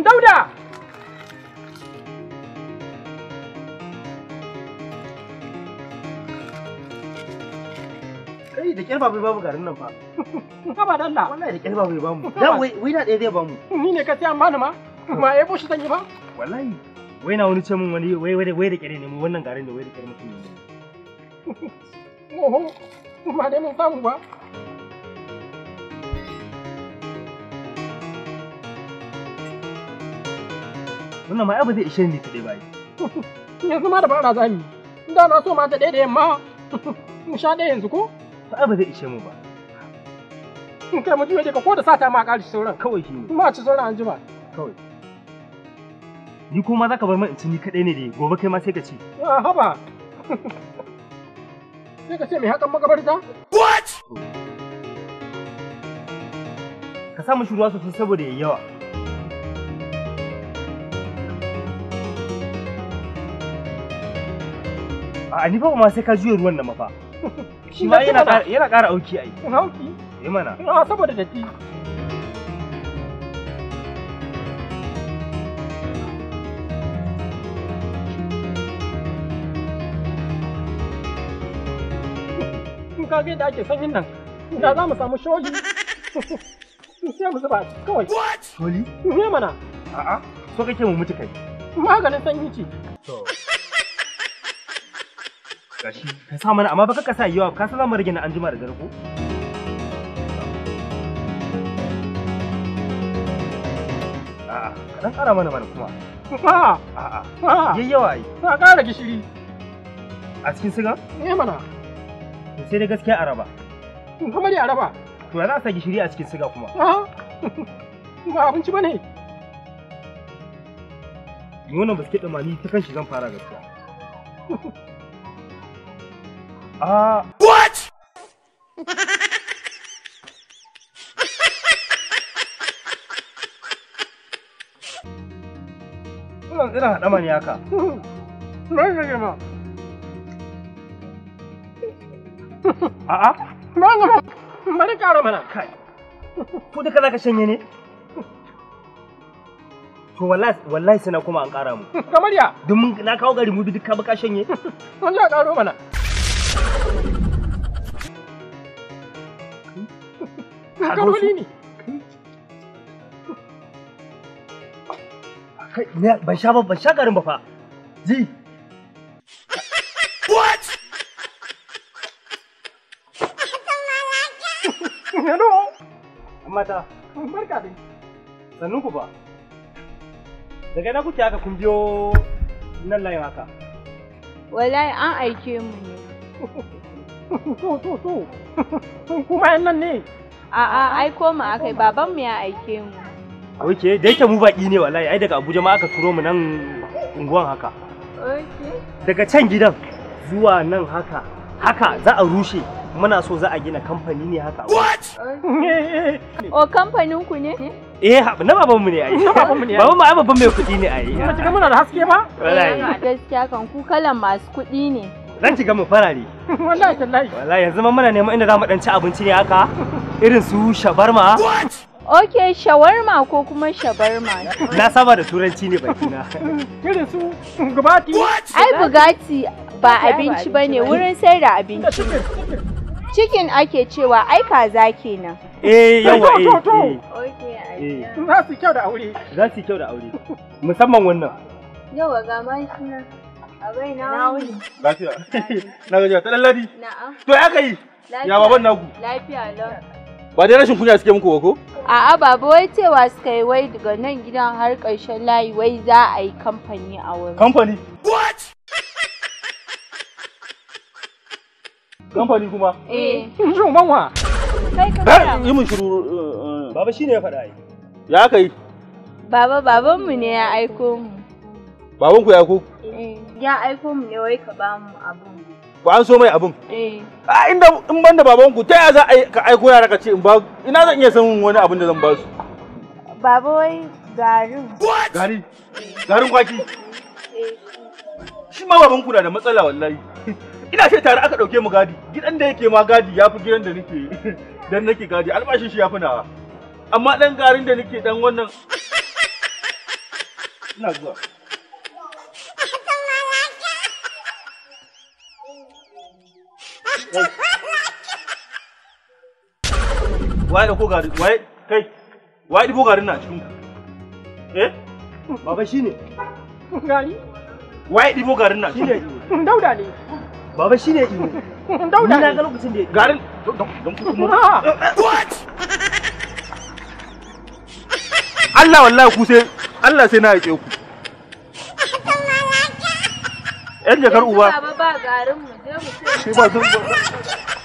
Dauda! Kai da babu garin nan fa. Wallahi da bamu. Da wai zai bamu. Ni ne ka tsaya mana ma? Ma ya Wallahi. Wai na wani ce min wani wai wai wai da ne mu wannan garin da wai da mutum ne. Oho. Ma dai mun ba. Wannan ma ba zai ishe ni kaɗai ba. Yanzu ma da bara za mu Da na so ma ta ɗaya da yamma. Mu sha ɗaya yanzu ko? Ba ba zai ishe mu ba. in Kai mu juya ka ko da sata ma ƙarshe sauran. Kawai shi ne. Ma ci sauran an ba Kawai. Ni kuma za ka bar min in ci ni kaɗai ne dai gobe kai ma sai ka ci. Haba. Sai ka ce mai hakan magabarta? What? Ka sa mu shi ruwa sosai saboda yayi yawa. A ni fa ma sai ka juya ruwan nan mafa. Shi ma yana yana ƙara auki ai. In auki? Eh mana. Ina saboda datti. Kun ka ga yadda ake sanyin nan, da za mu samu shogi. Sai mu zuba kawai. What? Sholi? mana? A'a, so kake mu mutu kai. Maganin sanyi ce. gashi ka sa mana amma baka ka sa yawa ka san zamu rage na anjima da garko A'a, ka kadan kara mana mana kuma ma a'a yayi yawa ai ka kara gishiri a cikin siga eh mana sai da gaskiya araba kuma dai araba to ya za sa gishiri a cikin siga kuma ba abinci bane wannan biskit ɗin ma ni ta kan shi zan fara gaskiya Ah. What? Wannan irin haɗama ne haka. Na shige ma. A'a? Ba ga Bari ƙara mana kai. Ko duka za ka shanye ne? To wallahi sai na kuma an ƙara mu. Kamar ya? Domin na kawo gari mu bi duk ka bi ka shanye. Wallahi ƙaro mana. Makaroni ne. Kai, ban sha ba, ban sha garin ba fa. Ji. What? Hello. Mata, barka dai. Sannu ku ba. Daga na kuke haka kun biyo nan layin haka. Wallahi ah, an aike mu ne. su su su kuma yan nan ne a'a ai koma akai baban mu ya aike mu oke da yake mu baki ne wallahi ai daga Abuja ma aka turo mu nan unguwan haka daga can gidan zuwa nan haka haka za a rushe muna so za a gina kamfani ne haka. What? O kamfanin ku ne? Eh, na baban mu ne ai. Na baban mu ne. Baban mu ai babban mai kuɗi ne ai. Kuma muna da haske ba? Wallahi. Gaskiya kan ku kalan masu kuɗi ne. Zan shiga mu farare. Wallahi tallahi. Wallahi yanzu mun muna neman inda zamu dan ci abinci ne haka. Irin su shabarma. Ok, shawarma ko kuma shabarma. Na saba da turanci ne baki na. Irin su gubati. Ai bugati ba abinci bane wurin sai da abinci. Chicken ake cewa ai kaza kenan. Eh yawa eh, eh. Okay, eh. Za su kyau da aure. Za su kyau da aure. Musamman wannan. Yawa ga mai Abai na wuni. Lafiya. Na gajiya ta lalladi. Na'am. To ya kai? Ya baban naku. Lafiya lau. Ba dai rashin kunya suke muku ba ko? A'a baba wai cewa suka yi wai daga nan gidan har ƙarshen layi wai za a yi kamfani a wurin. Kamfani? What? Kamfani kuma? Eh. Shin banwa? Kai ka gaya. Eh, yi mun shiru. Eh, eh. Baba shine ya faɗa ai. Ya kai? Baba babanmu ne ya aiko mu. Babanku ya aiko? Eh. ya aiko mu ne wai ka ba mu abun. Ku an so mai abun? Eh. A inda in ban da babanku ta ya za ka aiko yara ka ce in ba ina zan iya samun wani abun da zan ba su? Baba wai garin. Gari? Garin kwaki? Eh. Shi ma babanku na da matsala wallahi. Ina ce tare aka ɗauke mu gadi. Gidan da yake ma gadi ya fi gidan da nake dan nake gadi albashin shi ya fi nawa. Amma ɗan garin da nake ɗan wannan. Ina zuwa. the da ko gari waye kai waye da ko garin na cikin eh baba Gali. gari the da ko garin not? shine dauda ne baba shine imo dauda ne ga lokacin da garin don kusumo what Allah Allah ku sai Allah sai na yake ku yan jakar uba shi ba